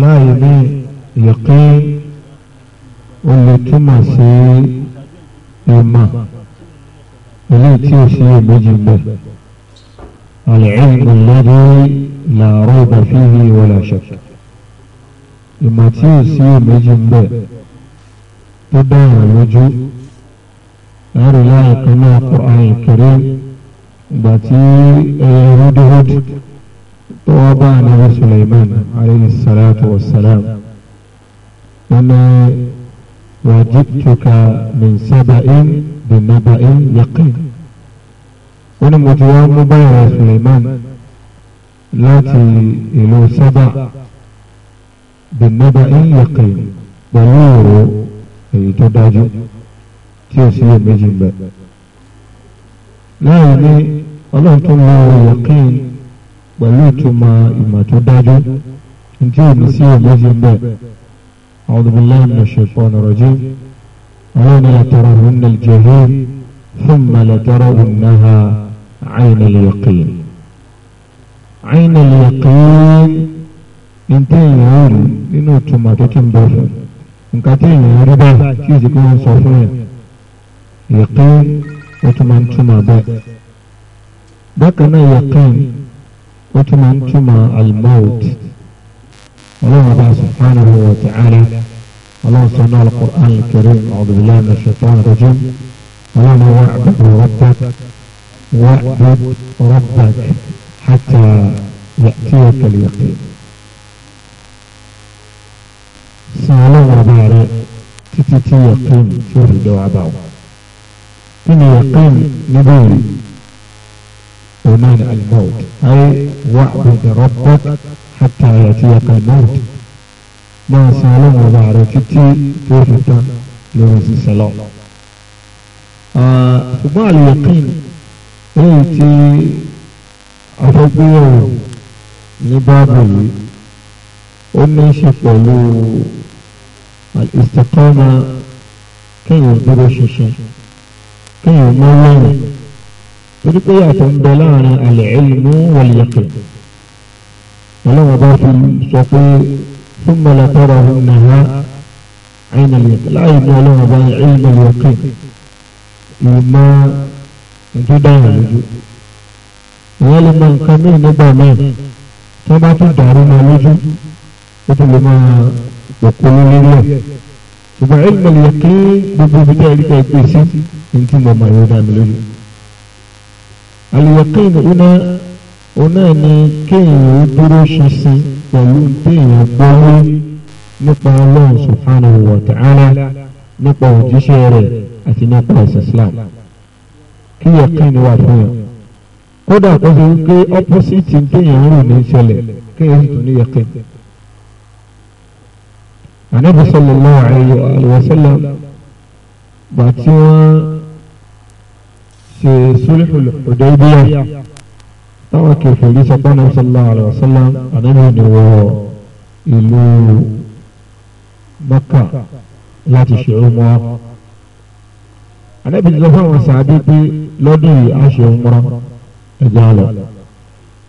láàyè ní yẹ̀kín ó lè túmọ̀ sí ìmọ̀ ilé tí ó sì èméjì gbẹ. العلم الذي لا ريب فيه ولا شك ìmọ̀ tí ò sí èméjì ń bẹ̀ tó dára lójú láàrin láàrin kan náà Qur'an Karim ìgbà tí ẹyẹ rúdúrúdú tó wọ́n bá anabi Suleiman aleyhi salatu wa salam nínú wàjibtuka min sábàin bi nabain yaqin wọ́n ní mo ti wá mú báyìí Suleiman láti ìlú sábà bi nabain yaqin pẹ̀lú ọ̀rọ̀ èyí tó dájú tí ó sì yẹ méjì ń láàrin ọlọ́run tó ń lo ìyàkín pẹ̀lú ìtumọ̀ ìmọ̀ tó dájú nítí èmi sí èméjì ń bẹ̀ أعوذ بالله ثم لترونها عين اليقين عين اليقين nítí èèyàn rí nínú ìtumọ̀ tó ti ń bọ̀ fún nǹkan tí èèyàn rí yẹ̀kín ó tún ń túmọ̀ bẹ́ẹ̀ bákan náà yẹ̀kín وتمنتما الموت الله رب سبحانه وتعالى الله صنع القرآن الكريم أعوذ بالله من الشيطان الرجيم الله وعبد ربك وعبد ربك حتى يأتيك اليقين سالة وباري تتتي يقين شوف إن يقين نبوري onan al-maut ay wa'bud rabbak hatta yatiyaka al-maut máa sin ọlọ́run ọba rẹ títí tó fi tán lórí ṣiṣẹ́ lọ. ṣùgbọ́n àlùyẹ̀kìn lẹ́yìn tí afọ́gbéyàwó ní báàbù yìí ó ní í ṣe pẹ̀lú al-istiqama kéèyàn dúró ṣinṣin kéèyàn mọ́ lẹ́yìn torí pé yàtọ̀ ń bẹ láàrin al-ilmu wal-yaqin ọlọ́wọ́ bá fi sọ pé thumma latarahunnaha 'ayna al-yaqin láàyè ní ọlọ́wọ́ bá 'ilmu al-yaqin ìmọ̀ ìdúdáyà lójú ìyá lè mọ nǹkan mí nígbà náà tó bá tún dàrú mọ lójú ó tún lè máa òkú lórí ẹ̀ ṣùgbọ́n 'ilmu al gbogbo ibi náà rí ká gbé sí ní tí mo mọ̀ ìwé mi lójú àlùyọ̀kẹ́yìn ọ̀nà ọ̀nà ni kéèyàn ó dúró ṣinṣin pẹ̀lú kéèyàn gbọ́wé nípa Allah subhanahu wa ta'ala nípa òjíṣẹ́ rẹ̀ àti nípa ẹ̀sìn Islam kí yọ̀kẹ́yìn wà fún yàn kódà kó fi wípé ọ́pọ́sìtì kéèyàn rò ní ìṣẹ̀lẹ̀ kéèyàn sì tún ní yọ̀kẹ́yìn. Ànábì sallallahu alayhi wa sallam wọ́n ṣe sulhul Hudaybiyah táwọn kẹfìrí sọpọ́nà sallallahu alaihi wasallam ànábì ní wọ ìlú Mẹ́kà láti ṣe umrah ànábì lọ fáwọn sàádé pé lọ́dún yìí á ṣe umrah ẹ̀jẹ̀ àlọ́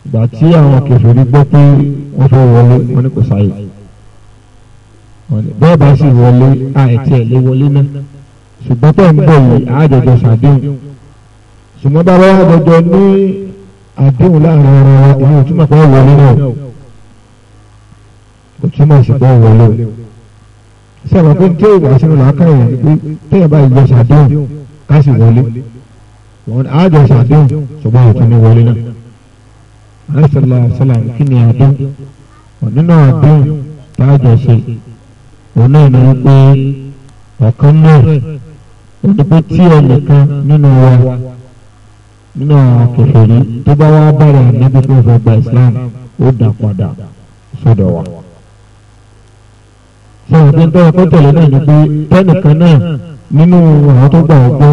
ìgbà tí àwọn kẹfìrí gbọ́ pé wọ́n fẹ́ wọlé wọn ní kò sáyè bẹ́ẹ̀ bá sì wọlé àìtí ẹ̀ lé wọlé náà ṣùgbọ́n tó ń bọ̀ yìí àjọjọ sàdéhùn ṣùgbọ́n bàbá wa dọjọ́ ní àdéhùn láàrin ara wa èyí ò túmọ̀ pé wọlé náà kò túmọ̀ sí pé wọlé o sábà pé tí èèyàn àṣírí làákà yẹn ni pé téèyàn bá yọ ṣàdéhùn ká sì wọlé wọn á jọ ṣàdéhùn ṣùgbọ́n ètò ní wọlé náà. alẹ́sàlá sàlám kí ni àdéhùn nínú àdéhùn tá a jọ ṣe òun náà ni wọ́n pé ọ̀kan náà ó ti pé tí ẹnìkan nínú wa nínú àwọn kèfèrí tó bá wá bẹ̀rẹ̀ níbi tó fẹ́ gba islam ó dà padà sọ́dọ̀ wa. ṣé ìpín tó ọkọ tẹ̀lé náà ni pé tẹ́nìkan náà nínú àwọn tó gbà ọgbọ́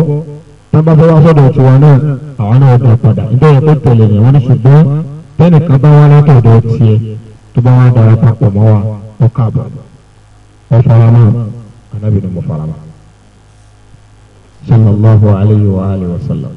tábà bá wá sọ́dọ̀ tiwa náà àwọn náà dà padà nítorí ọkọ tẹ̀lé yẹn wọ́n ní ṣùgbọ́n bá wá látọ̀dọ̀ tiẹ̀ tó bá wá dára papọ̀ mọ́ wa ọkà àbọ̀ ọ̀farama anábìnrin mọ̀farama sallallahu alayhi wa alihi wa sallam.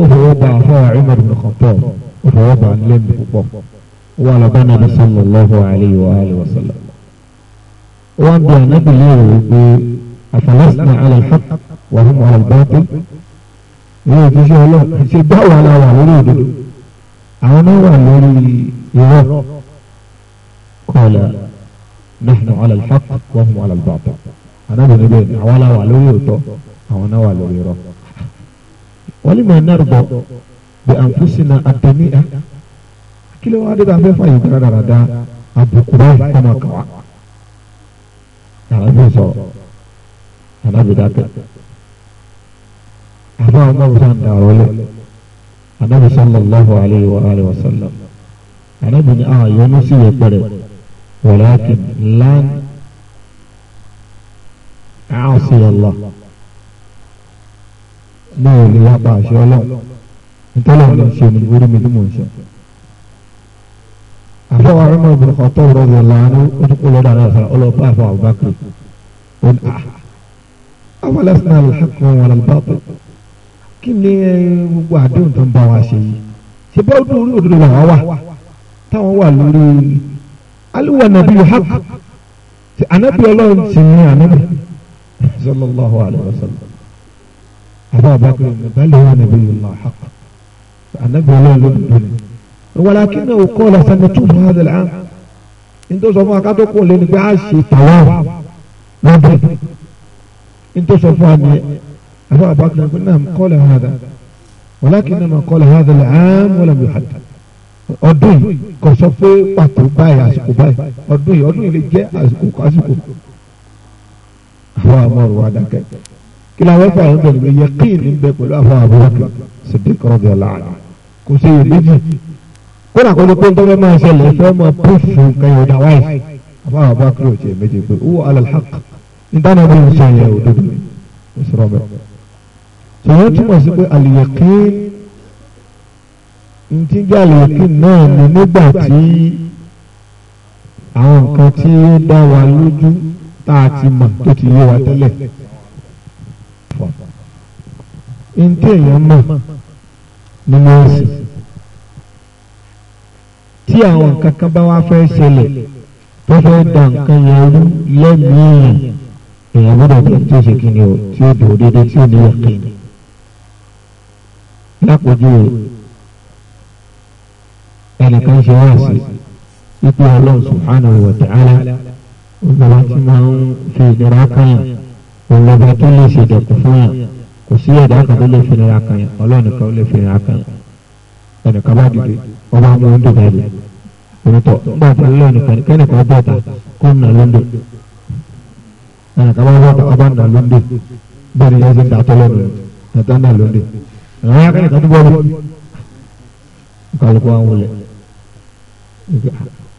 ó fọwọ́ bá àfọwọ́ Umar bin Khattab ó fọwọ́ bá lẹ́nu púpọ̀ wà lọ́ba nàbí sallallahu alayhi wa alihi wa sallam. wọ́n bí anábì yóò wò pé afalasna ala al-haqq wa hum ala al-batil ní òjíṣẹ́ ọlọ́run ṣe báwa la wà lórí òdodo àwọn náà wà lórí irọ́ qala walima narḍā bi anfusinā ad-damī'a kí ló wá dé bá a fẹ́ fà yìí dára dára dá àbùkù báyìí kọ́mọ kàn wá. àràbí sọ̀rọ̀ àràbí dákẹ́ àbá ọmọ bùsà ń dàrọ́ lẹ̀ ànábì sallallahu alayhi wa alayhi wa sallam ànábì ní àwọn ah, yọnu sí yẹ pẹrẹ walakin lan a'si Allah mi ò lè yapa àṣẹ ọlọ́run ntọ́lọ̀ mi ṣe ni orí mi ni mò ń ṣe. àfọ àwọn ọmọ ìbùrù kan tó rọ rọ lánàá ó tún kó lọ́dọ̀ àná sọ̀rọ̀ ọlọ́pàá àfọ àbúbákiri ó ní àwọn lẹ́sìn náà lọ́kàn wọn lọ́pàá kí ni eh, gbogbo àdéhùn tó ń bá wa ṣe yìí ṣe bá ojú orí òdodo làwọn wà táwọn wà lórí aliwa nàbí hàk ànábì ọlọ́run sì ní ànábì sallallahu alaihi wasallam àbá àbákùrẹ nàbàlẹ wà nàbẹ yìí lọ àhà ànábì Ọlọ́run ló dùn ní. wàlá kí náà ó kọ́ ọ̀la sani tó fún adàlẹ́ án nítorí sọ fún akátó kò lé ní pé a ṣe tàwa lọ́dún nítorí sọ fún àmì àbá àbákùrẹ pé náà kọ́ ọ̀la hàdà wàlá kí náà kọ́ ọ̀la hàdà án wọ́n làbí hàdà ọdún yìí kò sọ pé pàtó báyìí àsìkò báyìí ọdún yìí ọdún yìí lè jẹ́ àsìkò àsìkò àwọn àmọ́ ọ̀rọ̀ wa dákẹ́ kí la wọ́n fà ń bẹ̀rẹ̀ mi yaqin ń bẹ pẹ̀lú àfọ àbúrò Siddiq radiyallahu anhu kò sí iyèméjì kódà kó ní pé ntọ́lẹ́ máa ṣẹlẹ̀ fẹ́ máa púfù nǹkan yóò dà wáyé àfọ àbúrò kúrò ṣe méjì pé ó ala al-haqq ntọ́nà bí mo ṣe yẹ òdodo ó sì rọ bẹ́ẹ̀. sọ̀rọ̀ túmọ̀ sí pé al-yaqin ntí jẹ́ al-yaqin náà ni nígbà tí àwọn nǹkan tí ó dá wa lójú tá a ti mọ̀ tó ti yé wa tẹ́lẹ̀ ntí èèyàn mọ̀ nínú ẹ̀sìn tí àwọn nǹkan kan bá wá fẹ́ ṣẹlẹ̀ tó fẹ́ da nǹkan yẹn rú lẹ́mìí èèyàn gbọ́dọ̀ tó tí ó ṣe kí ni o tí ó dùn dédé tí ó níyà kí ni. lápòjú ẹnìkan ṣe wá sí ipò ọlọ́run subhanahu wa ta'ala ọgbà wa ti máa ń fi ìnira kan yàn òun lọ́ba tó lè ṣèdọ̀kú fún yàn kò sí ẹ̀dá kan tó lè fi nira kan yẹn ọlọ́run nìkan ó lè fi nira kan yẹn ẹnìkan bá dìde ọba mú oúnjẹ báyìí onítọ̀ nígbà tí ọlọ́run nìkan kẹ́nìkan bọ̀ ta kó nà lóńdè ẹnìkan bá bọ̀ ta ọba nà lóńdè bẹ́ẹ̀ ni yẹn ti ń dàtọ́ lọ́dún tata nà lóńdè àwọn akẹ́kẹ́ kan tó bọ̀ bí kálukú àwọn wọlé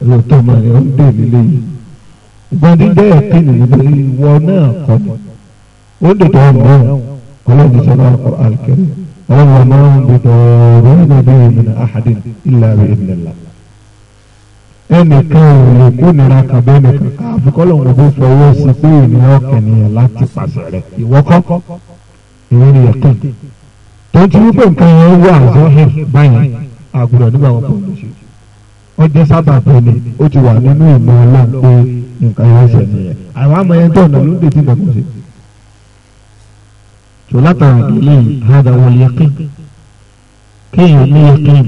lóòótọ́ máa tó ọlọ́run sọ náà kọ alkẹ́rì ọlọ́run náà ń من أحد إلا ìmìnà الله. ìlàbí ìmìnà ẹnìkan ò lè kó nira kan bẹ́ẹ̀ nìkan ká àfikọ́lọ́run bó fọwọ́ sí pé ènìyàn kẹ̀nìyàn láti pàṣẹ rẹ̀ ìwọ́kọ́ ìwé ni yẹ̀kàn tó ń tún nǹkan yẹn wà zọ́hìn báyìí àgùrọ̀ nígbà wọn kọ̀ lóṣù ọjọ́ sábà bẹ̀rẹ̀ ó ti wà nínú ìmọ̀ ọlọ́run pé nǹkan yẹn ṣẹ̀ àwọn àmọ̀ yẹn tó ọ̀nà ló ń dè tí nǹkan kan ṣe sọlátara délé hada wal yaqin kéèyàn ní yaqin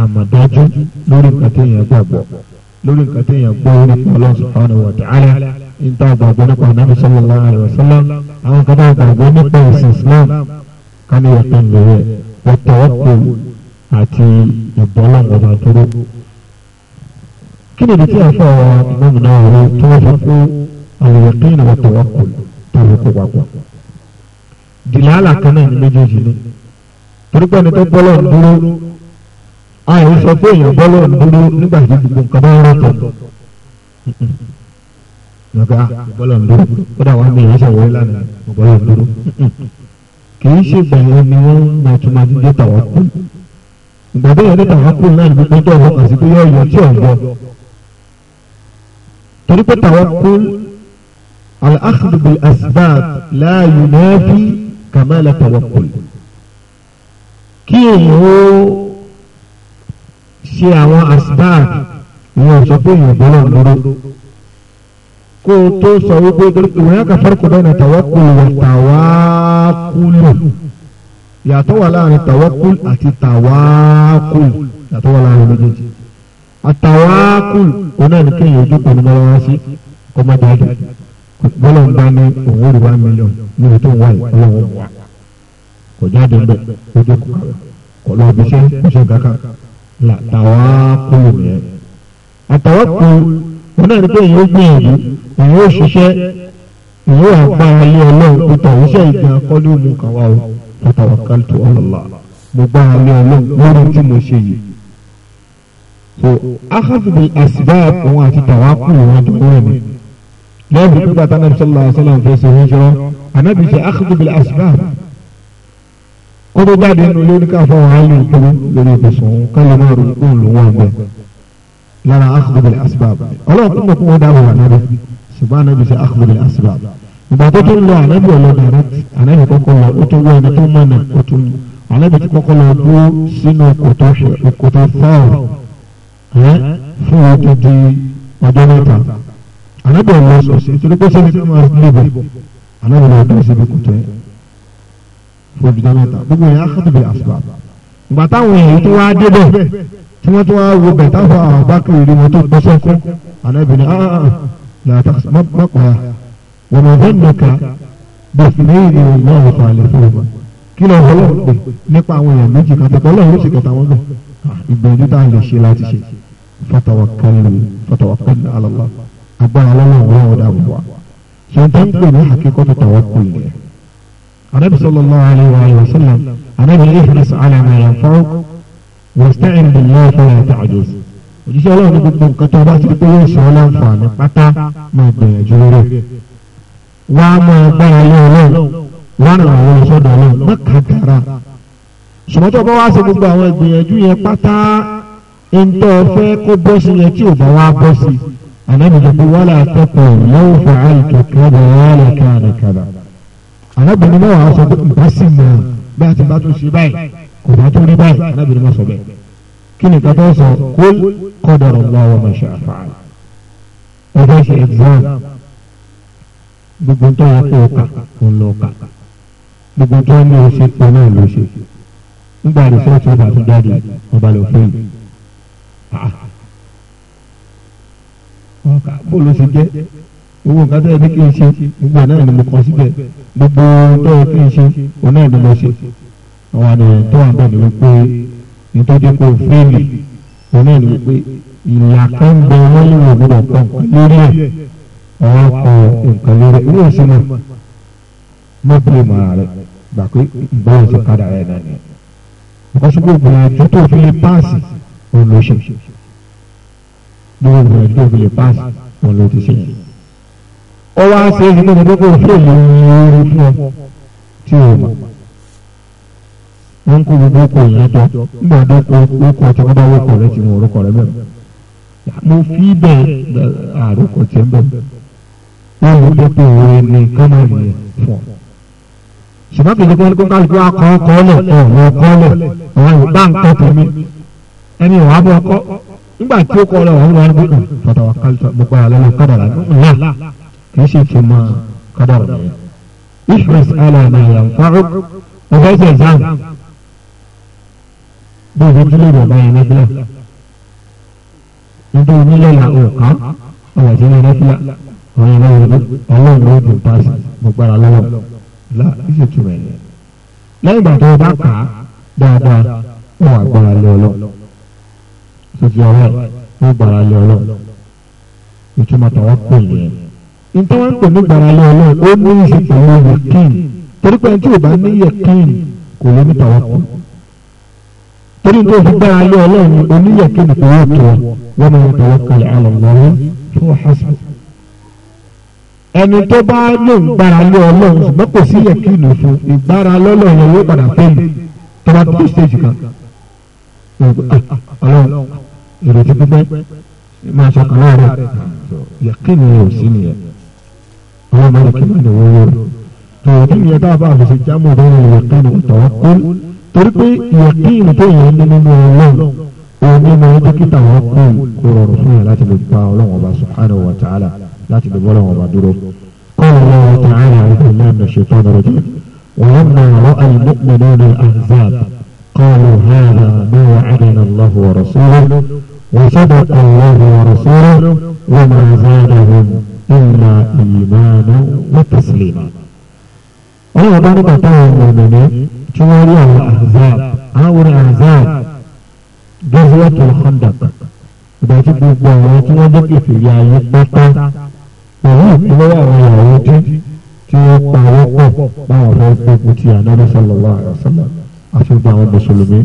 àmàdájú lórí nǹkan téèyàn gbàgbọ́ lórí nǹkan téèyàn gbọ́ nípa Allah subhanahu wa ta'ala níta gbàgbọ́ nípa Ànábì sallallahu alaihi wasallam àwọn kan náà gbàgbọ́ nípa ẹ̀sìn Islam ká ní yaqin lórí ẹ̀ wọ́n tẹ̀wọ́ pé àti ìbọ́lá ọba dúró. kí ni ìdí tí a fọ àwọn ìmọ̀mù náà wọlé tí wọ́n sọ pé al yaqin wa tawakkul tó yẹ kó wà pọ̀ dìlálà kan náà ní méjèèjì ni torí pé ẹni tó bọ́ lọ́n dúró àyè sọ pé èèyàn bọ́ lọ́n dúró nígbà tí gbogbo nǹkan bá ń rọ̀tọ̀ nǹkan bọ́ lọ́n dúró ó dà wá mi èyí ṣe wọlé lánàá bọ́ lọ́n dúró kì í ṣe gbàyẹn ni wọ́n mọ̀ tó máa tàwa kú ìgbàdé yẹn dídé tàwa kú náà gbogbo tó ọkọ̀ sí pé yọ ọ̀yọ́ tí ọ̀yọ́ torí pé tàwa kú al-akhd bil asbab la yunafi kàmáàlà tawakkul kí èèyàn ó ṣe àwọn asbáàd ìwọ̀n sọ pé èèyàn bọ́lá lóró kó o tó sọ wípé ìwọ̀n yàtọ̀ farqu bayna tawakkul wa tawakkulu yàtọ̀ wà láàrin tawakkul àti tawakkul yàtọ̀ wà láàrin méjèèjì àtawakkul ọ̀nà nìkan yóò jókòó ní wá sí kọ́mọ́dájú bọ́lá ń bá ní òun ó rí one million ní ètò òun wáyé ọlọ́run wà kò jáde ńbẹ ó jókòó kàwé kò lọ bí iṣẹ́ iṣẹ́ gàkà là tàwa kúrò nìyẹn. àtàwọn kan wọn náà ní pé èyí ó gbìyànjú èyí ó ṣiṣẹ́ èyí ó àgbá ayé ọlọ́run pété iṣẹ́ ìgbà akọ́lé òun kàn o tawakkaltu ala Allah mo gbá ayé ọlọ́run lórí tí mo ṣe yìí. so akhadhu bil asbab òun àti tàwa kúrò wọn jọ wọ́n ni lẹ́yìn pípa tánà sọlá sọlá fèsì hijra anabi fi akhdubil asbab kótó jáde nínú lórí káfọ́ wàhálì ìpolú lórí ìbùsùn kálímọ̀ rẹ̀ kó ló wọ́n bẹ̀ lára akhdubil asbab ọlọ́run tó mọ̀ dáhùn anabi ṣùgbọ́n anabi fi akhdubil asbab ìgbà tó tó ń lọ anabi ọlọ́dà rẹ̀ anabi kọ́kọ́ lọ ó tó wọ ẹni tó mọ̀nà ó tó ń anabi tó kọ́kọ́ lọ dúró sínú alábẹ̀ ọ̀la ọ̀sọ̀ọ̀sẹ̀ torí pé sọ́mi fẹ́ máa lè bọ̀ alábẹ̀ ọ̀la ọ̀dọ̀ síbi kò tẹ́ fún ojúdá mẹ́ta gbogbo yẹn ákàtà bẹ̀ àṣùbà. ìgbà táwọn èèyàn tó wá débẹ̀ tí wọ́n tó wá wo bẹ̀ táwọn àbákiri rí wọn tó gbọ́ sọ́kún alábẹ̀ ni láta mọ́kànlá wọn ò fẹ́ nìka bẹ̀ sí lẹ́yìn ni wọn náà fà lè fún wọn. kí ló ń lọ pè nípa àwọn èèyàn méjì kàtàkọ́ lọ́wọ́ ó sì kẹta wọn bẹ̀ ah, ìgbìyànjú táwọn lè ṣe láti ṣe fatawakkal fatawakkal ala Allah agbára lọ́wọ́ òun náà dà wá ṣe ń tán pè ní àkíkọ́ tó tàwọn kù yìí. Ànábì sallallahu alayhi wa sallam Ànábì ní ihris ala ma yanfa'uk wasta'in billahi fala ta'juz. Òjíṣẹ́ Ọlọ́run ní gbogbo nǹkan tó bá ti pé yóò ṣe ọ́ láǹfààní pátá máa gbìyànjú rẹ̀. Wá máa gbára lé Ọlọ́run wá ràn àwọn Ọlọ́run má kàdára. Ṣùgbọ́n tó bá wá ṣe gbogbo àwọn ìgbìyànjú yẹn pátá ń tọ́ fẹ́ kó bọ́ sí yẹn tí ò bá wá bọ́ sí i. Ànábì sọ pé wàhálà àtẹ́kọ̀ lọ́wọ́ fún àìtò kẹ́dà wàhálà kàdà kàdà. Ànábì náà wàá sọ pé nǹkan sì mọ̀ bí a ti bá tó ṣe báyìí kò bá tó rí báyìí Ànábì náà sọ bẹ́ẹ̀. Kí ni kàtà sọ kul qadara Allahu wa ma sha'a fa'al. Ọjọ́ ṣe exam gbogbo tó yẹ kó o kà kó lọ kà gbogbo tó ní o ṣe pọ̀ náà ló ṣe. Nígbà rẹ̀ fọ́ọ̀tù ọba tó jáde ọba lọ ọkà bó ló ṣe jẹ́ owó nǹkan tó yẹ kí n ṣe gbogbo náà ni mo kàn síbẹ̀ gbogbo tó yẹ kí n ṣe òun náà ni mo ṣe àwọn àdéhùn tó wà bẹ́ẹ̀ ni wípé nítorí kò fẹ́ẹ̀lì òun náà ni wípé ìlà kan bẹ wọ́n lè wò wúrọ̀ kan lórí ẹ̀ ọ̀rọ̀ kọ nǹkan lórí ẹ̀ wíwọ̀ sí mi mo bí ìmọ̀ rẹ̀ gbà pé ìbáwọ̀ ṣe kádà náà ni ọ̀kọ́sọ́gbó gbìyànjú tó fi lè páàsì òun gbogbo ìgbà tí o fi lè pass wọn ló ti ṣe yẹn. ó wá ṣe é fún mi pé kò fún mi ní orí fún ọ tí o mọ̀. wọ́n ń kó gbogbo okò yẹn jọ nígbà tó kó okò tí wọ́n bá wọ́kọ̀ rẹ ti wọ́n orúkọ rẹ bẹ̀rẹ̀. mo fi bẹ́ẹ̀ àròkọ tẹ̀ ń bẹ̀rẹ̀. wọ́n mú pépé òwe ní kọ́mọ̀lì yẹn fún ọ ṣùgbọ́n kì í ṣe kí wọ́n kí wọ́n kọ́ ọ̀rọ̀ kọ́ lẹ̀ ọ̀rọ̀ ìbá nígbà tí ó kọ́ ọ́ ọ̀hún wọn gbọ́dọ̀ fàtàwà kálífà gbogbo àlọ́ ló kádàrà ńlá kì í ṣe fi mọ́ kádàrà rẹ̀. ihris ala ma yanfa'uk ọ̀gá ẹ̀sẹ̀ exam bí o ti lè bàbá yẹn nígbìlẹ̀ níbi onílẹ̀ là ó kàn ọ̀rọ̀ sí ní nígbìlẹ̀ ọ̀rọ̀ náà yẹn ọlọ́run ló dùn pàṣẹ gbogbo àlọ́ lọ́wọ́ lá kì í ṣe túmọ̀ ẹ̀ lẹ́yìn ìgbà tó o bá kà á dáadáa ó wà gbára sójú ọlọ́ ní ìgbàlálẹ ọlọ́ ìtumọ̀ tàwọn pè ní ẹ. nítorí wọn pè ní ìgbàlálẹ ọlọ́ ó ní ìṣe pẹ̀lú yẹkìn torí pé tí o bá ní yẹkìn kò lè ní tàwọn pè. torí nítorí fi gbàlálẹ ọlọ́ ni o ní yẹkìn kò yẹ tó wọn máa tàwọn kalẹ̀ àlọ́ lọ́wọ́ fún ọ̀hásán. ẹni tó bá lóun gbára lé ọlọ́run ṣùgbọ́n kò sí yẹkìn fún ìgbára lọ́lọ́ yẹn yóò padà fẹ́ẹ́ tọ́ba tó stage kan ìrètí pípẹ́ máa sọkàn láàárẹ̀ yàkínni ò sí nìyẹn ọlọ́run máa yàkínni ò ní wọ́wọ́ rẹ̀ tó o kí nìyẹn dábàá fi ṣe jámọ̀ lórí yàkínni ọ̀tọ̀ kún torí pé yàkínni tó yẹ ní nínú ọlọ́run òun ní ma dókítà wọn kún kó rọrùn fún yàn láti lè pa ọlọ́run ọba subhanahu wa ta'ala láti lè bọ́ ọlọ́run ọba dúró. قال الله تعالى أعوذ بالله من الشيطان الرجيم ولما رأى المؤمنون الأحزاب قالوا هذا ما وعدنا الله ورسوله وصدق الله ورسوله وما زادهم إلا إيمانا وتسليما أيها الأخوة المؤمنين جوالي الأحزاب أو الأحزاب جزوة الخندق إذا gbogbo àwọn tí wọ́n jẹ́ kèfèrí ayé pátá pẹ̀lú ìpínlẹ̀ àwọn ìyàwó tí wọ́n pa wọ́pọ̀ báwọn fẹ́ gbógun ti won يا keferi aye pata pelu ipinle awon iyawo ti won صلى الله عليه وسلم aṣojú àwọn mùsùlùmí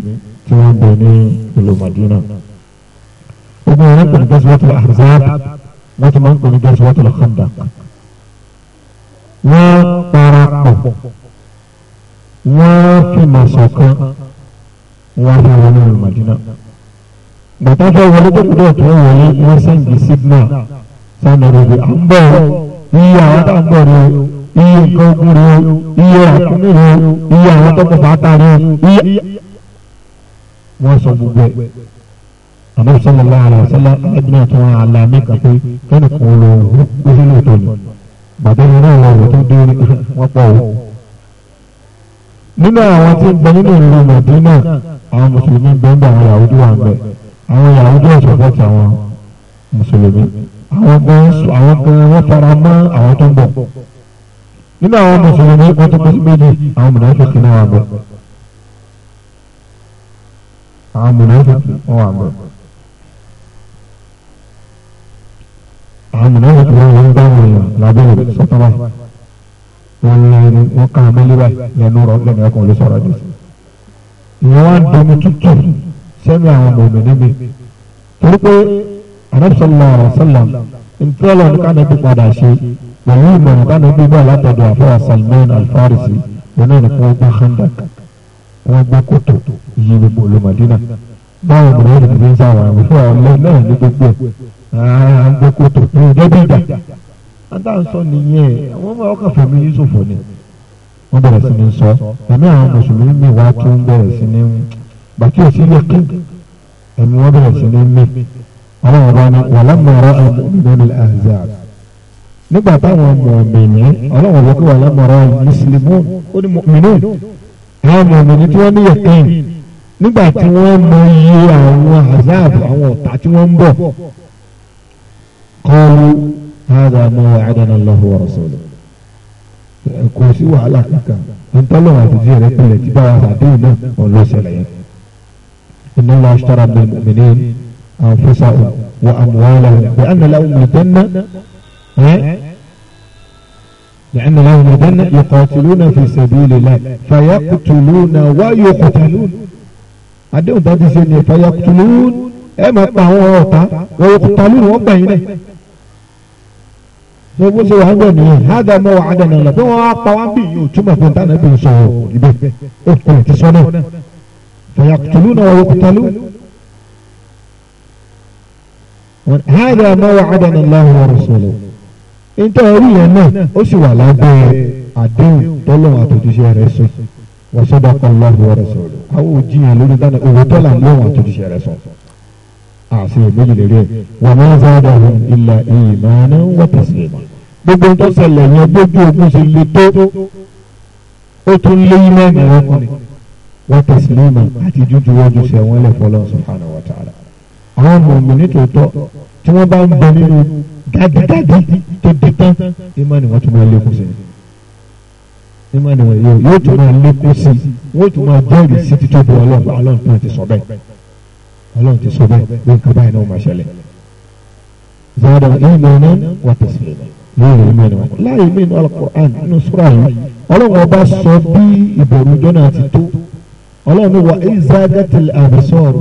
tí wọ́n bẹ ní ìlú Madina. ogun ọ̀rẹ́ pẹ̀lú Ghazwatul Ahzab wọ́n ti máa ń pè ní Ghazwatul Khandaq. wọ́n parapọ̀ wọ́n fìmọ̀ ṣọ̀kan wọ́n fi wọlé ìlú Madina. bàtà fẹ́ wọlé tó kúrò tó wọlé wọ́n sẹ́ǹdì sígbà sanni rẹ̀ bí yíyá àwọn tá à ń iye nǹkan ogun rẹ o iye àkúnú rẹ o iye àwọn tó kọfà ata rẹ o iye. wọ́n sọ gbogbo ẹ̀ àmọ́ sọ́lá àlọ́ sọ́lá ẹ̀dínà tó wọn àlà mi kà pé kẹ́ni kò lọ ojú lóòótọ́ ni bàbá mi náà lọ tó dé wọ́n pọ̀ o. nínú àwọn tí ń bẹ nínú ìlú Mẹ̀dínà àwọn mùsùlùmí ń bẹ ń bẹ àwọn Yahudi wà ń bẹ àwọn Yahudi ọ̀sọ̀fẹ́ ti àwọn mùsùlùmí àwọn gan àwọn wọ́n fara mọ́ àwọn tó ń bọ̀ nínú àwọn mùsùlùmí wọ́n ti pín sí méjì àwọn mùnàfíkì náà wà bẹ́ẹ̀ àwọn mùnàfíkì wọ́n wà bẹ́ẹ̀ àwọn mùnàfíkì wọ́n wọ́n bá wọn yàn lábẹ́rẹ́ sọ́tọ́lá wọ́n lẹ́nu wọ́n kà mẹ́lẹ́wà lẹ́nu rọ̀ lẹ́nu ẹ̀kọ́ ló sọ̀rọ̀ jù ìwọ́n á domi tútù sẹ́mi àwọn mọ̀mìnì mi torí pé anabisalaam salam ntọ́lọ́ ní ká pẹ̀lú ìmọ̀ràn bá nàbí bá látọ̀dọ̀ àfọwà Salman Al-Farisi lọ́nà ní kí wọ́n gbá handak wọ́n gbá kòtò yí gbogbo olùmọ̀dínà báwo ni wọ́n lè fi ń sáwọn àmì fún àwọn ọmọ náà ní gbogbo ẹ̀ à ń gbé kòtò ní ìdẹ́bí ìjà adáǹsọ nìyẹn àwọn ọmọ ọkàn fẹmi Yusuf ni wọ́n bẹ̀rẹ̀ sí ní sọ ẹ̀mí àwọn mùsùlùmí mi wá tún bẹ̀rẹ̀ sí ní bàtí òsì yẹ kí ẹ̀mí wọ́n bẹ̀rẹ̀ sí ní mí ọlọ́run bá ní wàlámọ̀ọ́rọ́ àmì ìdánilẹ̀ àzá nígbà táwọn mọ̀mìnì ọlọ́run wọ́n kí wà lámọ̀rọ̀ mùsùlùmù ó ní mọ̀mìnì àwọn mọ̀mìnì tí wọ́n ní yẹ̀kẹ́yìn nígbà tí wọ́n mọ iye àwọn azab àwọn ọ̀tá tí wọ́n ń bọ̀ kọ́lu hàdà mọ́ àdánà lọ́hùn ọ̀rọ̀ sọ̀rọ̀ kò sí wàhálà kankan ntọ́lọ́ àtijọ́ rẹ̀ pẹ̀lẹ́ tí bá wà àdéhùn náà ọ̀lọ́sẹ̀lẹ̀ yẹn. iná lọ aṣọ́ra bẹ́ẹ̀ mọ̀mìnì àwọn fúnṣà wà àmúhálà bẹ́ẹ̀ لأن لهم جنة يقاتلون في سبيل الله فيقتلون ويقتلون عندما بعد سنة فيقتلون أما إيه الطهوات ويقتلون هم بينه نقول سوى هنجوني هذا ما وعدنا الله فهو أقوام بيو ثم فنتان بيو سهول اذكر تسونا فيقتلون ويقتلون هذا ما وعدنا الله ورسوله nítorí orí yẹn náà ó sì wà lábẹ́ àdéhùn tọ́lọ̀ àtòjúṣe rẹ̀ sùn wọ́n sọ́dọ̀ kan lọ́wọ́ wọ́n rẹ̀ sọ̀rọ̀ àwọn òjìyàn lórí dáná òwò tọ́lá lọ́wọ́ àtòjúṣe rẹ̀ sùn. àṣẹ méjì lè rí ẹ wọn máa ń sáadà hùn ilà ìyìn máa ń wọ́n tẹ̀sí. gbogbo ń tọ́sẹ̀lẹ̀ yẹn gbójú ogun ṣe lè tó ó tún lé ìmọ̀ọ́nì ọkùnrin wọ́n tẹ̀sí lẹ́mọ̀ àti jújú wọ́n ju sẹ́wọ́n lẹ̀ fọlọ́ subhanahu wa ta'ala. àwọn mọ̀mí nítòótọ́ tí wọ́n bá dàgídàgí tó dé tán ìmánì wọn tún máa lékún sí i ìmánì wọn yóò tún máa lékún sí i wọn tún máa bẹ́ẹ̀rì sí títóbi ọlọ́run ọlọ́run tó ti sọ bẹ́ẹ̀ ọlọ́run ti sọ bẹ́ẹ̀ bí nǹkan báyìí náà máa ṣẹlẹ̀ zada ìmọ̀nà wà tẹ̀sílẹ̀ lórí ìmọ̀nà wọn láì mìíràn alukur'an nínú sura yìí ọlọ́run ọba sọ bí ìbẹ̀rù jọ́nà ti tó ọlọ́run wa ìzàgàtìl àbẹ̀sọ̀rọ̀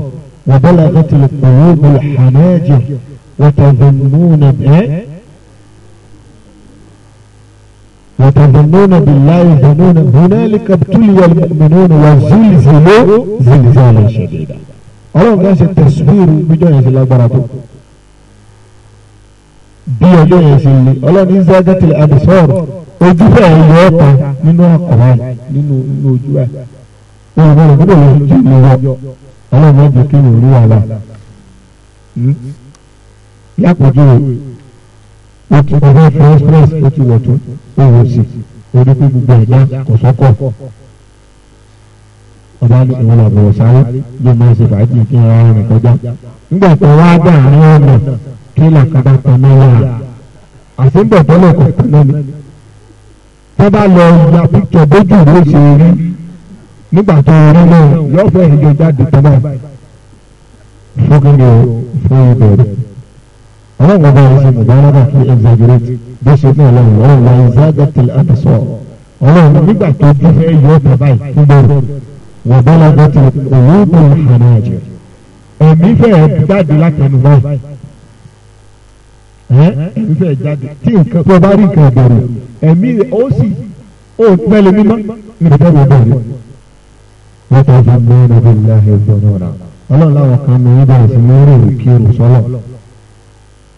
wàbọ̀làgàtìl kùwọ́ وتظنون بإيه وتظنون بالله ظنون هنالك ابتلي المؤمنون وزلزلوا زلزالا شديدا ọlọ́run bá ṣe tẹ̀síwìrì gbíjọ́ yẹn ṣe lágbára tó bí ọjọ́ yẹn ṣe lè ọlọ́run ní zagati abisor ojú bẹ́ẹ̀ yọ ọ́ta nínú àkọ́wá nínú ojú ẹ̀ ọlọ́run bá ṣe tẹ̀síwìrì gbíjọ́ yẹn ṣe lágbára tó ọlọ́run bá ṣe tẹ̀síwìrì gbíjọ́ yẹn ṣe lágbára tó ọlọ́run bá ṣe tẹ̀síwìrì gbíjọ́ yẹn ṣe lágbára tó ọlọ́run bá ṣe tẹ̀síwìrì gbíjọ́ yẹn ṣe lágbára tó ọlọ́run bá ṣe tẹ̀síwìrì gbíjọ́ yẹn ṣe lágbára tó ọlọ́run bá ṣe tẹ̀síwìrì gbíjọ́ yẹn ṣe lágbára tó ọlọ́run bá ṣe tẹ̀síwìrì gbíjọ́ yẹn ṣe lágbára tó ọlọ́run bá ṣe tẹ̀síwìrì gbíjọ́ yẹn ṣe lágbára tó ọlọ́run bá ṣe tẹ̀síwìrì gbíjọ́ yẹn ṣe lágbára tó ọlọ́run bá ṣe tẹ̀síwìrì gbíjọ́ yẹn ṣe lágbára tó ọlọ́run bá ṣe tẹ̀síwìrì gbíjọ́ yẹn ṣe lágbára tó ọlọ́run bá ṣe tẹ̀síwìrì gbíjọ́ yẹn ṣe lágbára tó lápòjú o ti ọba fún express o ti wọ̀tún o wò sí orí pé gbogbo ẹ̀dá kò sọ́kọ̀ ọba ní ìwọ làbọ̀wọ̀ sáré ló máa ṣe fàájì kí ara rẹ̀ kọjá nígbà tó wá dà ní ọ̀nà kí làkàdá kan náà yára àṣìbọ̀ tọ́lọ̀ kò tán lẹ́nu tó bá lọ ya píktọ̀ bójú ló ṣe rí nígbà tó rí náà yọ̀ọ́fẹ́ ìjọ jáde tọ́lọ̀ fún kí ni o fún ìbẹ̀rẹ̀ àwọn bàbá yìí ṣe mọ̀gbáradà kí exaggerate bó ṣe ní ọlọ́run ọ̀rọ̀ wa ìzága tẹ̀lé àtẹ̀sọ́ ọlọ́run nígbà tó bí fẹ́ yọ bàbá yìí tó bẹ̀rù wọ́n bá lágbá tó òwò bọ̀ hànà àjẹ. ẹ̀mí fẹ́ jáde látẹnu báyìí ẹ̀mí fẹ́ jáde tí nǹkan tó bá rí nǹkan bẹ̀rù ẹ̀mí ó sì ó pẹ́lú mímọ́ nígbà tó bẹ̀rù. wọ́n tọ́jú mẹ́rin bí láhẹ́ gbọ́n náà ọlọ́run láwọn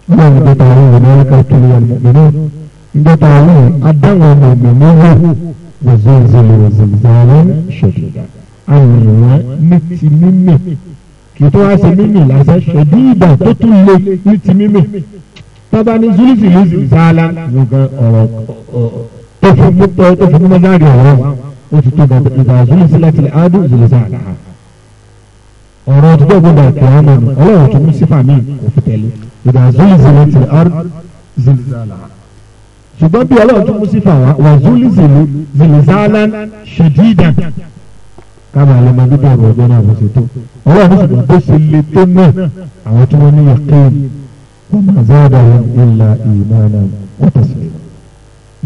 náà ń gbé tàwọn ènìyàn ní ká kiri àlùmọ̀mọ́ ń gbé tàwọn adáwọn ọmọ mi wò wòzèzèlè wòzèzèlè ṣèdìdà àwòrán ní ti mímì kì í tó wá sí mímì lásán ṣèdìdà tó tún lé ní ti mímì tábà ní zulifilizi zala nǹkan ọ̀rọ̀ tó fún mi tó fún mi láàrin ọ̀rọ̀ o ti tó bàbá ìgbà zulisila tilẹ̀ adùn zulizala ọ̀rọ̀ tó tó mú sífà ìdá zúlìzìlì ti ard zilzala ṣùgbọ́n bí ọlọ́run tún mú sí fà wá wà zúlìzìlì zilzala ṣèdídà káàmù àlọ́mọ bíbí ọ̀rọ̀ ọgbọ́n náà wọ́n ṣe tó ọlọ́run ṣùgbọ́n bó ṣe le tó náà àwọn tí wọ́n ní yàtọ̀ wọ́n máa zọ́ọ̀dà wọn ìlà ìmọ̀ọ́nà wọ́n tẹ̀sí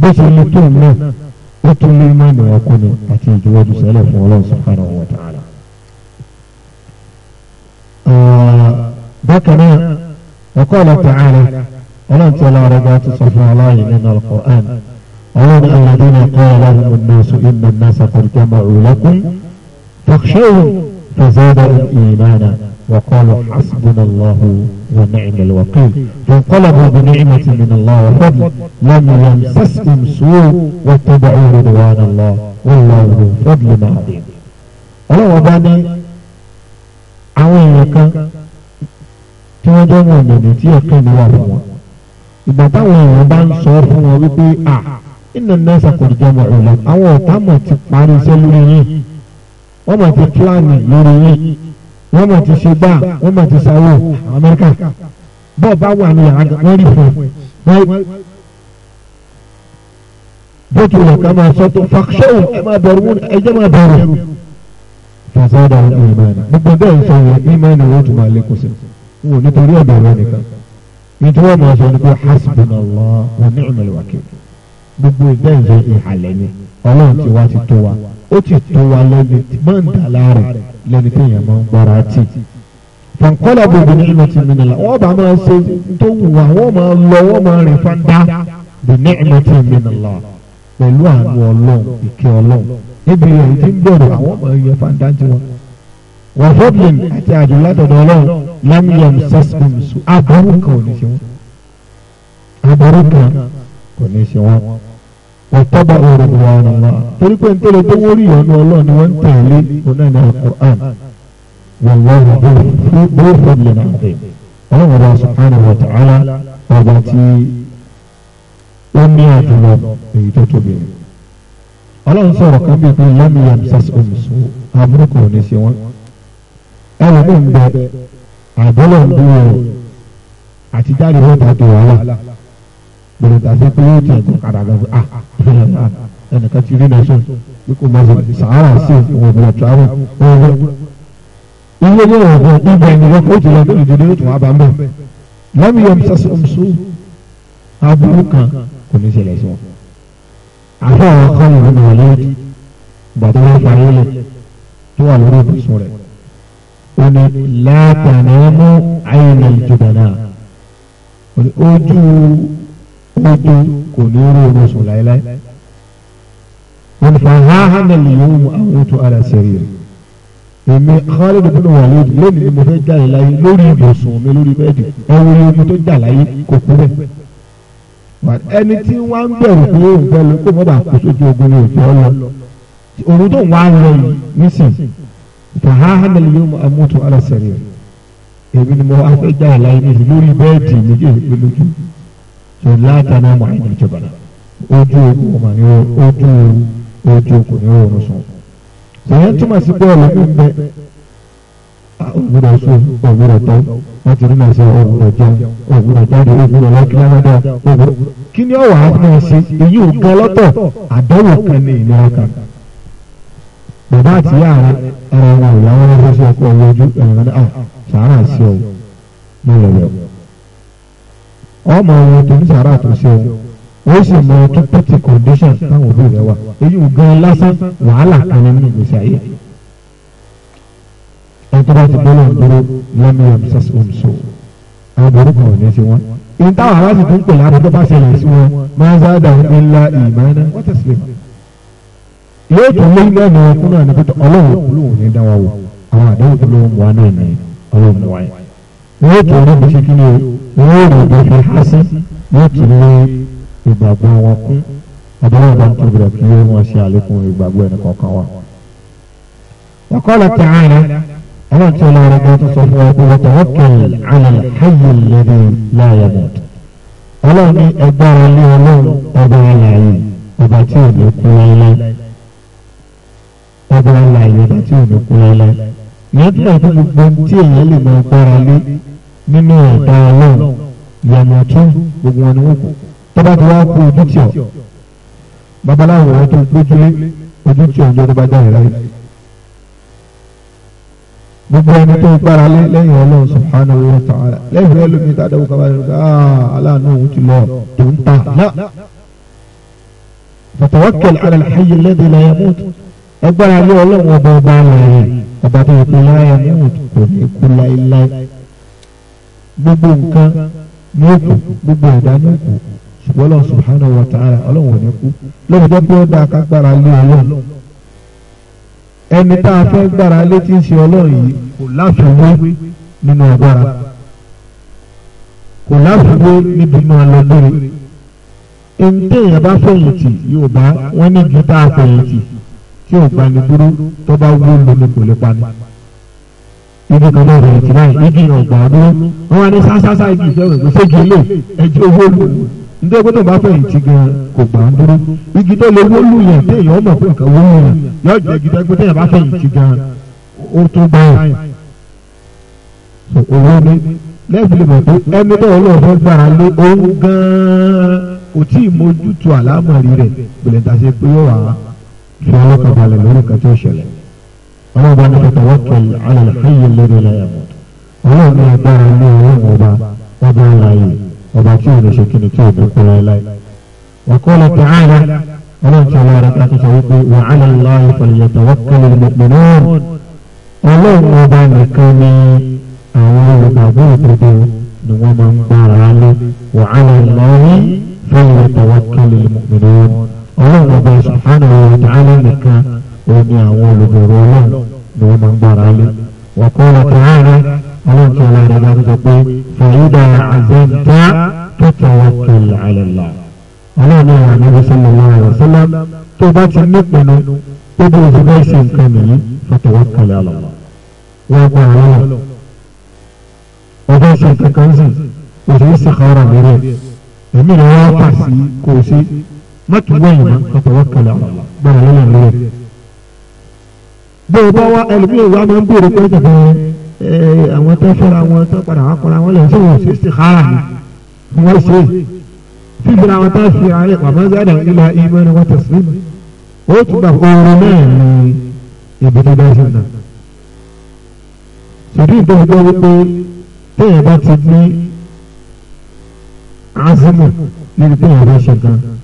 bó ṣe le tó náà ó tún lé mọ́nà ọkùnrin àti ìjọwọ́dù sẹ́lẹ̀ fún ọlọ́run bákan náà وقال تعالى ألم تلا رجعت صفى الله من القرآن أولئك الذين قال لهم الناس إن الناس قد جمعوا لكم فاخشوهم فزادهم إيمانا وقالوا حسبنا الله ونعم الوكيل فانقلبوا بنعمة من الله وفضل لم يمسسهم سوء واتبعوا رضوان الله والله ذو فضل عظيم. الله وبني àwọn èèyàn tí wọ́n jẹ́ wọn mìíràn tí ẹ̀ka ìlú wà fún wọn. ìgbà táwọn èèyàn bá ń sọ fún wọn wípé à iná nẹ́ẹ̀sà kò dìjà mọ̀ ọ̀la àwọn ọ̀tá mọ̀ ti parí iṣẹ́ lórí yín wọ́n mọ̀ ti pílánì lórí yín wọ́n mọ̀ ti ṣe gbà wọ́n mọ̀ ti sáwọ́ Amẹ́ríkà bọ́ọ̀ bá wà ní yàrá wọ́n rí fún un bótu wà ká máa sọ́tò fàkṣọ́wò ẹ máa bẹ̀rù wọn ẹ jẹ́ máa bẹ̀rù. fasada ìmọ̀ ẹ̀ gbogbo bẹ́ẹ̀ sọ̀rọ̀ ìmọ̀ ẹ̀ ni wọ́n tún máa lékún wò nítorí ọ̀dọ̀ rẹ nìkan ìjọba máa sọ ní pé hasbunallah wa ni'mal wakil gbogbo ìdẹ́ǹsẹ̀ ìhàlẹ̀ ni ọlọ́run ti wá ti tó wa ó ti tó wa lẹ́ni máa ń dà láàrẹ̀ lẹ́ni tí èèyàn máa ń gbára tì fàǹkọ́lá gbogbo ní ìmọ̀ ti mìnira wọ́n bá máa ṣe tó wù wá wọ́n máa lọ wọ́n máa rìn fáńdá bí ní ìmọ̀ ti mìnira pẹ̀lú àánú ọlọ́run ìkẹ́ ọlọ́run níbi èyí tí ń bẹ̀rù àwọn máa yẹ fáńdá tiwọn wà fẹ́bìlìm àti àjò látọ̀dọ̀ ọlọ́run lámìyàm sẹ́sìmù sùn aburú kan ò ní ṣe wọ́n aburú kan kò ní ṣe wọ́n ọ̀tọ́ba òòrùn wà ọ̀nà torí pé nítorí tó wọ́n rí ìyọnu ọlọ́run ni wọ́n ń tẹ̀lé onáni alukur'an wọ́n wọ́n wọ́n fún bó fẹ́bìlìm àti ọlọ́run ọba subhanahu wa ta'ala ọba tí ó ní àjùlọ èyí tó tóbi ọlọ́run sọ̀rọ̀ kan bí pé lámìyàm sẹ́sìmù sùn aburú kan ò ní ṣe wọ́n ẹlòmíì ń bẹ àbọ̀lọ̀ ń dúró rẹ̀ àti jáde ló dá tó wàhálà gbèrè tàbí pé yóò tiẹ̀ kọ́ kàdà gan fún ah, ah, ah ẹnìkan ti rí nation bí kò máa ṣe sàárà sí òun ọ̀gbìn ọ̀tún àwọn ọ̀gbìn ilé ní ọ̀gbìn ibẹ̀ ni wọ́n kó jùlọ lórí ìdílé yóò tún wá bá ń bẹ̀ lẹ́mi yẹn sase ọ̀mùsù aburú kan kò ní ṣẹlẹ̀ sí wọn àfẹ́ àwọn kan lè wọ́n lọ́wọ́ lẹ́yìn bàtà wọn fà yẹlẹ tó wà lórí ibùsùn rẹ̀ ó ní látàlámú àyìnlẹ̀ ìjọba ojú ojú kò ní rí oorun sùn láéláé wọn fa háhánà lèyìn mu àwọn tó ara sẹ̀rí rẹ̀ èmi Khalid bin Walid lónìí ni mo fẹ́ jáde láyé lórí ibùsùn mi lórí bẹ́ẹ̀dì ẹ̀wọ̀n ni mo tó jà láyé kò kú bẹ́ẹ̀ ẹni tí wọ́n ń bẹ̀rù pé òun fẹ́ lọ kó mọ́ bàa kó sójú ogun ní òjò ọ òun tó wà ń lọ yìí nísìnyí fàhánà yóò mọ amótó alásèré èmi ni mo afẹ́jà ìlàyé ní lórí bẹ́ẹ̀dì mi jẹ́ ìpolójú tó látàná mọ àyìn ìjọba ojú ogun ọmọ ni ojú ojú ogun ni oorun sùn. sọ̀yẹ́ túmọ̀ sí bọ́ọ̀lù mi bẹ́ òwúrọ̀ sùn òwúrọ̀ tọ́ wọ́n ti rí màá ṣe òwúrọ̀ jẹun òwúrọ̀ jáde òwúrọ̀ lọ́kìlámọ́dá òwúrọ̀ kí ni ọ̀wà á fún ẹ ṣe èyí ò gan lọ́tọ̀ àdánwò kan ní ìlú ọkàn bàbá àti ìyá rẹ ẹ̀rọ wọn ò yàwó wọn fẹsẹ̀ ọkọ ọwọ́ ojú ẹ̀rọ wọn náà sàárà sí ọ ní ìrọ̀lẹ́ ọmọ ọwọ́ tó ní sàárà tó ṣe ọ ó sì mọ tó pẹ́tì condition táwọn òbí rẹ wà èyí ò gan lásán wàhálà kan nínú ìgbésí ayé ẹ̀ńtọ́ba ti bẹ́lẹ̀ ń dúró lẹ́mí àmísàsì òǹṣọ́ àwọn orúkọ ò ní sí wọn. ìtawà wá sì tún pè lára tó bá ṣẹlẹ̀ sí wọn máa ń sáádà ńlá ìmáná wọ́n tẹ̀sílẹ̀ yóò tún lé lẹ́nu ọkùnrin náà níbi ọlọ́run olóhùn ní dá wa wò àwọn àdáwò tó lóhùn wa náà ní ọlọ́run ní wa yẹn. yóò tún rí bí ṣékin ní owó rẹ̀ bí fi há sí yóò tún lé ìgbàgbọ́ wọn kún àdáwò bá ń tóbi rẹ̀ kí yóò wọ́n ṣe àlékún ìgbàgbọ́ ẹni kọ̀ọ̀kan wa. wàkọ́lá tẹ̀ án rẹ̀ tí ọlọ́run rẹ̀ gbọ́dọ̀ sọ fún wa pé wọ́n tọ̀wọ́ alẹ́ ayé lẹ́dẹ̀ láyà mọ̀ ọba ọlà ìyọba tí òun kú lálẹ́ nígbà tó gbogbo tí èèyàn lè máa gbára lé nínú ọ̀dà ọlọ́run ìyàmọ̀ tó gbogbo wọn ni wọ́n kú tó bá ti wá kú ojú tì babaláwo wọn tó gbójúlé ojú tì ọ́ ọjọ́ bá jáde láyé gbogbo ẹni tó gbára lé lẹ́yìn ọlọ́run subhanahu wa ta'ala lẹ́yìn ẹlòmíì tá dáwọ́ kaba ẹni ká ah, aláàánú òun ti lọ tó ń ta náà fatawakal ala agbára lé ọlọ́run ọba ọba àlàyé ọba tó ìpín láyé mẹ́wọ̀n ní gbogbo nǹkan ní gbogbo ẹ̀dá ní òkú ṣùgbọ́n lọ́wọ́ ọlọ́run ò ní pé ó dáa ká lé ọlọ́run ẹni tá a fẹ́ gbára tí ń ṣe ọlọ́run yìí kò láfiwé nínú kò tí ò gbani dúró tó bá wú lómi kò lè pani. ibi kan náà rẹ̀ tìlẹ̀ igi yẹn ọ̀gbà dúró wọ́n wá ní sásásá igi ìjọ rẹ̀ gbèsèjì lè ẹjọ́ owó lù nítorí pé tó bá fẹ̀yìn tì gan kò gbà ń dúró igi tó lè wó lù yẹn téèyàn ọmọ pé nǹkan wó lù yẹn yóò jẹ́ igi tó pé bá fẹ̀yìn tì gan ó tó gbà yẹn. owó ni lẹ́ẹ̀fì lè mọ̀ pé ẹni tó lọ́ọ́ fẹ́ gbára lé òun gan-an kò tí mójútó àlámọ̀rí rẹ̀ gbèlè tàṣe pé yóò wà wá fi ọlọ́kàn balẹ̀ lórí kan tó ṣẹlẹ̀ ọlọ́ba ní kò tawakkal ala al-hayy alladhi la yamut ọlọ́run ní agbára ní ọlọ́run ọba ọba aláyè ọba tí ò ní ṣe kíni tí ò ní pẹ́ láéláé wa qala ta'ala ọlọ́run tí ọlọ́run rẹ̀ káàkiri sọ wípé wa ala Allahi falyatawakkal al-mu'minun ọlọ́run ọba nìkan ní àwọn olùgbàgbọ́ òdodo ni wọ́n máa ń gbára lé wa ala Allahi falyatawakkal al-mu'minun ọlọ́run ọba ìṣàfihàn ọ̀rọ̀ ní alẹ́ nìkan ó ní àwọn olùbẹ̀rẹ̀ ọlọ́run ni wọ́n máa ń gbára lé wọ́n kọ́ wọn tó rárá ọlọ́run tó rárá rẹ̀ láti sọ pé fàyídà àzẹ́ńtà tó tọwọ́ kẹlẹ̀ alẹ́ la ọlọ́run ọ̀rọ̀ àmọ́bí sọ́lá ọ̀rọ̀ sọ́lá tó bá ti nípinnu tó bí oṣù bá ṣe nǹkan nìyí fọ́tọ̀wọ́ kẹlẹ̀ alẹ́ wọ́n gbọ́ àlọ́ ọba ṣe nǹkan kan sí mọ́tò wọ̀nyí náà kọ́tọ̀ wọ́n kẹlẹ̀ gbọ́dọ̀ lẹ́yìn lórí. bóyá bá wa ẹlòmíì wa máa ń béèrè pé tẹ̀fẹ́ àwọn tó fẹ́ra wọn tó padà wá kọ́ra wọn lè ṣe wọ́n ṣe ṣe hàrà ni wọ́n ṣe fífi àwọn tó fi àárẹ̀ wàmọ́sádà ilà ìmọ̀ ni wọ́n tẹ̀sí mi ó tún bá oorun náà ní ibi tó bá ṣe náà. sùdí ìdọ́gbọ́ wípé téèyàn bá ti ní azimu níbi téèyàn bá ṣe gan-an.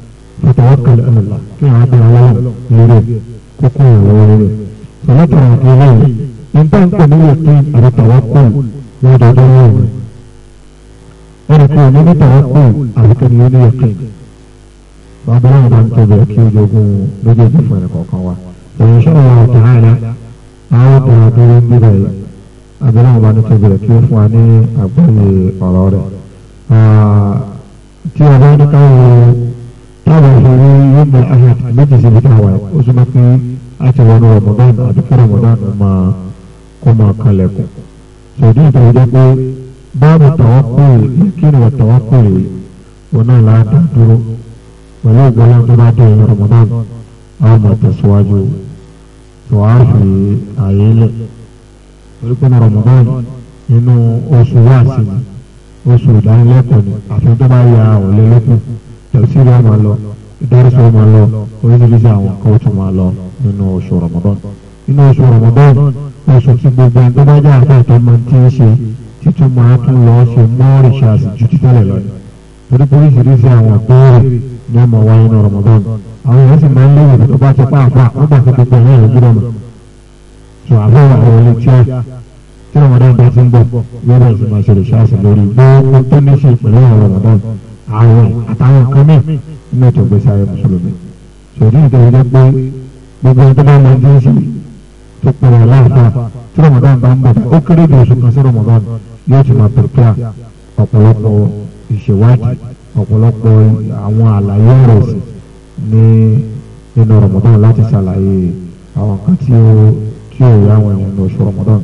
وتوكل على الله يعطي الله يريد تكون ويريد فلك اليقين ان تنقل اليقين على التوكل ودجون ولكن من توكل على كنيون يقين بعض الله عن كذا كي يجوزون بجوز فرق وقوة فإن شاء الله تعالى àwọn ọ̀dọ́ ń bíbẹ̀ yìí abẹ́rẹ́ àwọn anìkejì rẹ̀ kí ó fún wa ní àgbáyé ọ̀rọ̀ rẹ̀ tí a bá ní káwọn táwọn ìṣòro yóò mọ ayé àtàlẹ́jì síbi táwa ẹ̀ ó súnmọ́ pé a ti wọnú rọmọdánù àbí kí rọmọdánù máa kó máa kalẹ̀kùn ṣèdí ìtọ́jú jẹ́ pé báàbù tàwọn kúrè kí ni wọ́n tàwọn kúrè wọn náà là á dá dúró pẹ̀lú ìgbọ́lá tó bá dé ìyẹn rọmọdánù àwọn máa tẹ̀síwájú tó a fi àyè lẹ̀ torí pé ní rọmọdánù nínú oṣù wáàsì ni oṣù ìdánilẹ́kọ̀ọ́ ni àfi tó bá yà ọ̀lẹ́lẹ́kùn tẹ̀síìrì ó máa lọ ìdárísí ó máa lọ oríṣiríṣi àwọn nǹkan ó tún máa lọ nínú oṣù Ramadan nínú oṣù Ramadan oṣù tí gbogbo ẹni tó bá jẹ́ àfẹ́ tó máa ti ń ṣe títún máa tún lọ ṣe mọ́ọ̀rì ṣáàṣì ju títẹ́lẹ̀ lọ torí pé oríṣiríṣi àwọn ìbéèrè ní ọmọ wa nínú Ramadan àwọn èèyàn sì máa ń léwu tó bá ti pàápàá wọ́n gbà fún gbogbo ẹ̀yìn ìlú dọ́mọ̀ tó àbúrò àwọn ilé tí tí Ramadan bá ti ń bọ̀ yóò bẹ̀rẹ̀ sí máa ṣe ààrùn àtàwọn kan náà nínú ètò ìgbésí ayé mùsùlùmí ṣòdí ìdẹ̀wò jẹ́ pé gbogbo ẹni tó bá máa dín sí tó pẹ̀lú aláàfáà tí rọmọdán bá ń bọ̀ ó kéré ju oṣù kan sí rọmọdán yóò ti máa pèpè ọ̀pọ̀lọpọ̀ ìṣèwádìí ọ̀pọ̀lọpọ̀ àwọn àlàyé ọ̀rọ̀ sí ní nínú rọmọdán láti ṣàlàyé àwọn kan tí ó tí ó yá àwọn ẹ̀wọ̀n ní oṣù rọmọdán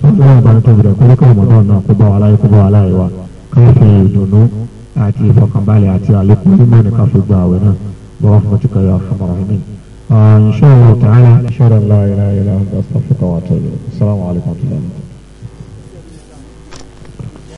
tó ń lọ́wọ́ bá ń tóbi rẹ̀ kó ní kí rọmọdán náà kó bá wa láyé kó bá wa láyé wa káyọ̀ fi ìdùnnú àti ìfọkànbalẹ̀ àti àlékún mímọ́ nìkan fi gba àwẹ̀ náà bọ́wọ́ fún ọtí kẹyọ fún ọ̀rọ̀ mi. insha Allah ta'ala. ṣọ́ra ńlá ìlà ìlà ń bá sọ́fù kọ́wàtò yìí. assalamu alaikum